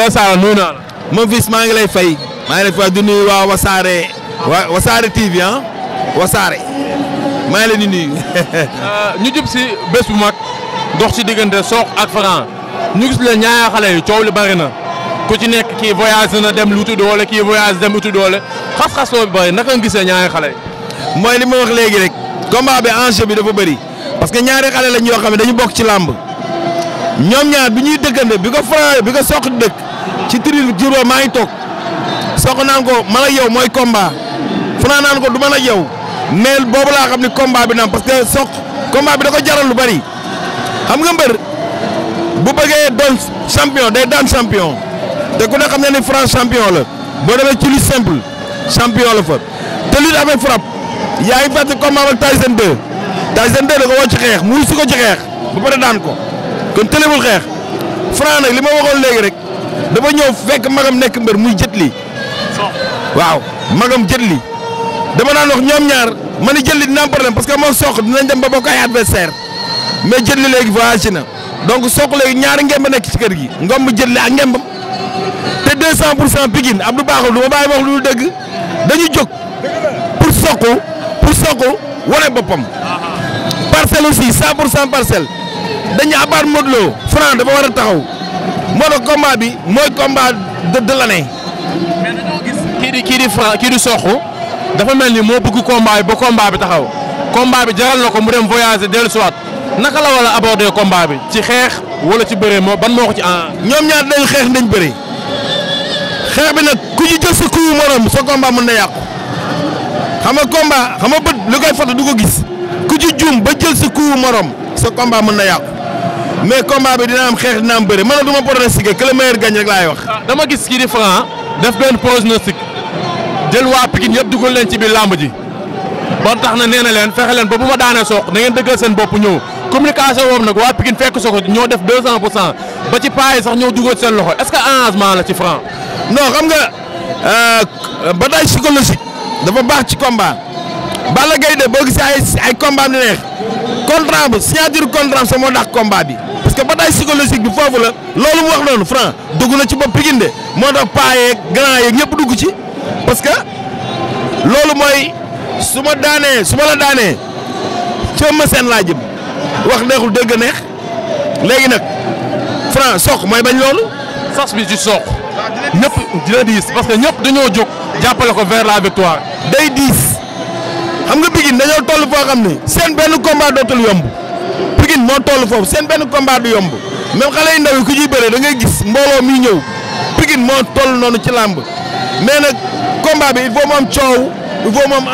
Bossala nuyu naa la. Memphis maa ngi lay fay. maa ngi lay fay di nuyu waa Wasaare. wa Wasaare TV ah. Wasaare. maa ngi leen di nuyu. Euh, ñu jub si bés bu mag dox ci diggante Sokh ak Franc ñu gis la ñaari xale yi coow li bari na ku ci nekk kii voyage na dem lu uti doole kii voyage dem uti doole xas-xas loo bari naka nga gisee ñaari xale yi. mooy li ma wax léegi rek. combat bi enjeu bi dafa bëri. parce que ñaari xale lañ yoo xam ne dañu bokk ci làmb ñoom ñaar ci tribune Diourbel maa ngi toog soq naan ko man ak yow mooy combat Franc naan ko du man ak yow mais boobu laa xam ni combat bi naam parce que soq combat bi da jaral lu bari xam nga mbër bu bëggee doon champion day daan champion te ku ne xam na ni Franc champion la boo demee ci li simple champion la fa te lutte avec frappe yaa ngi fàttali combat ak Tyson 2 Tyson 2 da ko woo ci xeex mu rusu ko ci xeex ba pare daan ko kon tëlewul xeex Franc nag li ma waxoon léegi rek. dafa ñëw fekk magam nekk mbër muy jët li waaw magam jët li dama naan wax ñoom ñaar ma ne jët li dina am problème parce que moom soq dinañ dem ba bokk ay adversaire mais jët li léegi voyagé na donc soq léegi ñaari ngemb nekk ci kër gi ngomb jët li ak ngembam te 200 pour cent Pikine Abdou Bakhoum du ma bàyyi wax lu dëgg dañu jóg pour soq pour soq wane boppam parcelle aussi 100 pour cent parcelle dañu abaat Modou Lo Franc dafa war a taxaw. moo tax combat bi mooy combat de de l'année. kii di kii kii di Sokh dafa mel ni moo bëgg combat bi ba combat bi taxaw combat bi jaral na ko mu dem voyager dellusiwaat naka la war a aborder bi ci xeex wala ci bëree moo ban moo ko ci ah. ñoom ñaar dañ xeex dañ bëri xeex bi nag ku ci jël sa mën na yàqu xam nga combat xam nga ko gis ku ci juum ba jël sa kuyu morom sa combat mën na yàqu. mais combat bi dina am xeex dina am bëre man duma pronostiquer que le meilleur gagne rek laay wax. Ah, dama gis kii di Franc def benn pronostic jël waa Pikine yëpp dugal leen ci biir làmb ji ba tax na nee na leen fexe leen ba bu ma daanee soq na ngeen dëggal seen bopp ñëw communication boobu nag waa Pikine fekk soog ñoo def 200 pour cent ba ci paa yi sax ñoo dugal seen loxo est-ce que arrangement la ci Franc. non xam nga euh, bataille psychologique dafa baax ci combat Balla Gaye de boo gisee ay ay combat di neex contrat bu signature contrat sa bi. que bataille psychologique bi foofu la loolu mu wax noonu Franc dugg na ci bopp Pikine de moo tax paa yeeg grand yeeg ñëpp dugg ci parce que loolu mooy su ma daanee su ma la daanee cëm ma seen laa jëm wax neexul dëgg neex léegi nag Franc soq mooy bañ loolu. sas bi ci soq. ñëpp dina diis parce que ñëpp dañoo jóg. jàppale ko vers la victoire. day diis xam nga Pikine dañoo toll foo xam ne seen benn combat dootul yomb. moo toll foofu seen benn combat du yomb même xale yi ndaw yi ku ciy bëree da ngay gis mbooloo mi ñëw Pikine moo toll noonu ci làmb mais nag combat bi il faut mu am coow il faut mu am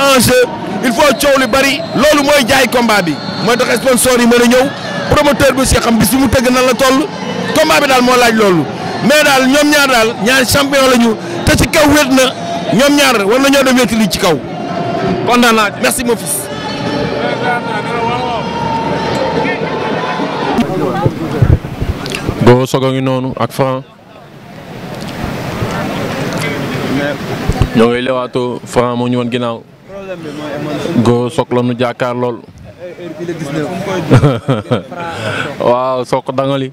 il faut coow li bari loolu mooy jaay combat bi mooy tax sponsor yi mën a ñëw promoteur bi aussi xam bis mu tëgg nan la toll combat bi daal moo laaj loolu mais daal ñoom ñaar daal ñaar champion la ñu te ci kaw wét na ñoom ñaar war na ñoo dem wéti li ci kaw kontaan naa Gora Sock a ngi noonu ak Franc ñoo ngi lewaatoo Franc moo ñu woon ginnaaw Gora Sock la nu jàkkaar lool waaw Sock dangali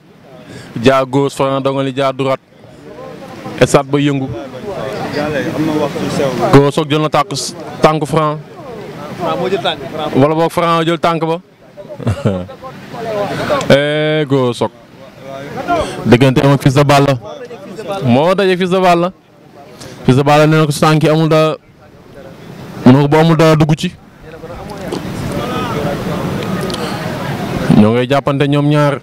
jaa gauche Franc dangali jaa droite estat ba yëngu Gora Sock jël na tànk Franc wala boog Franc jël tànk ba Gora eh, Sock digganteem ak Fils de Balla moo daje Fils de Balla Fils de Balla nee na ko sànki amul daa mun ko boo amul daa dugg ci ñoo ngay jàppante ñoom ñaar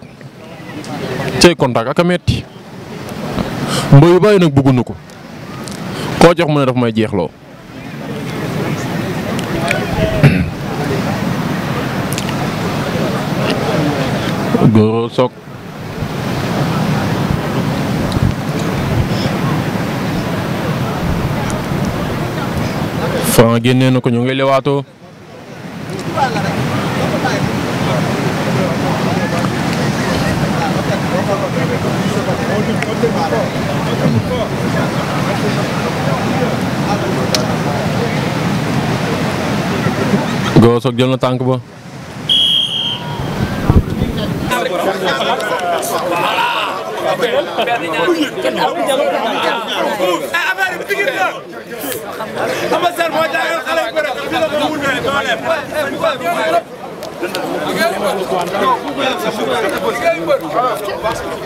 cey contact ak a metti mbëyu bàyyi nag buggunu ko koo jox mu ne daf may jeexloo Franc génnee na ko ñu ngi lewaatoo Gossog jël na tànk Pikine la Ama Sène moo jàngal xale yu bëri fi la ko wutee dooleem. liggéey mbër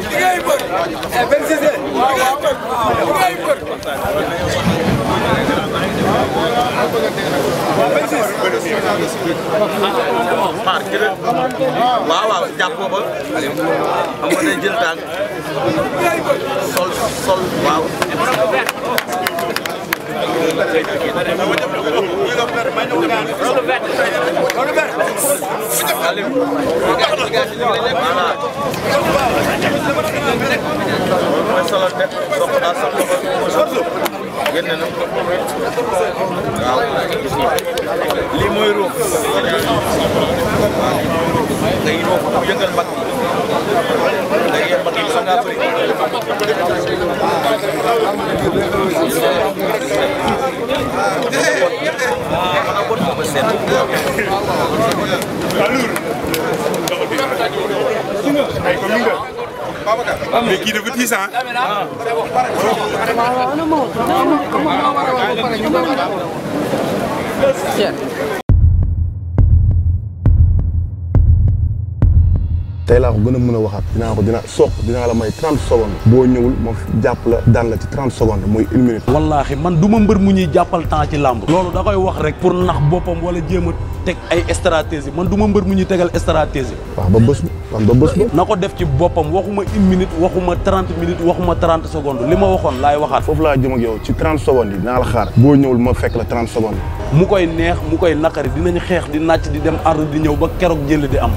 liggéey mbër. benn sisé liggéey mbër waaw waaw jàpp ko ba xam nga day jël tànk sol sol waaw. lii mooy ruux day ruux pour yëngal mbagg mi day yëngal mbagg mi sax ngaa bëri Balour. ay comme ni nga. mais kii dafa tiis ah. waaw. tey laa ko gën a mën a waxaat dinaa ko dina soq dinaa la may 30 secondes boo ñëwul ma jàpp la daan la ci 30 secondes muy une minute wallaahi man du ma mbër mu ñuy jàppal làmb loolu da wax rek pour nax boppam wala jéem a teg ay stratégie man du ma mbër mu ñuy tegal stratégie waaw ba bés ba ba bés ba na ko def ci boppam waxuma une minute waxuma 30 minutes waxuma 30 secondes li ma waxoon laay waxaat foofu laa jëm ak yow ci 30 secondes yi xaar boo ñëwul ma fekk la 30 secondes mu koy neex mu koy naqari ñu xeex di nàcc di dem ardu di ñëw ba keroog jël di am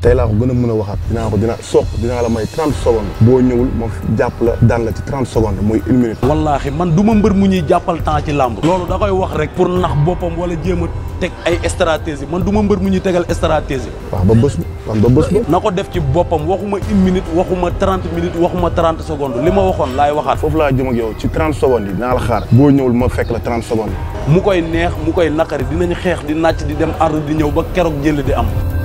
tey laa ko gën a mën a waxaat dinaa ko dina soq dinaa la may 30 secondes boo ñëwul ma jàpp la daan la ci 30 secondes muy une minute wallaahi mbër mu ñuy jàppal temps ci làmb loolu da wax rek pour nax boppam wala jéem a teg ay stratégie man du ma mbër mu ñuy tegal stratégie waaw ba bés ba ba bés na ko def ci boppam waxuma une minute waxuma 30 minutes waxuma 30 secondes li ma waxoon laay waxaat foofu laa jëm ak yow ci 30 secondes yi xaar boo ñëwul ma fekk la 30 secondes mu koy neex mu koy naqari ñu xeex di nàcc di dem ardu di ñëw ba keroog jël di am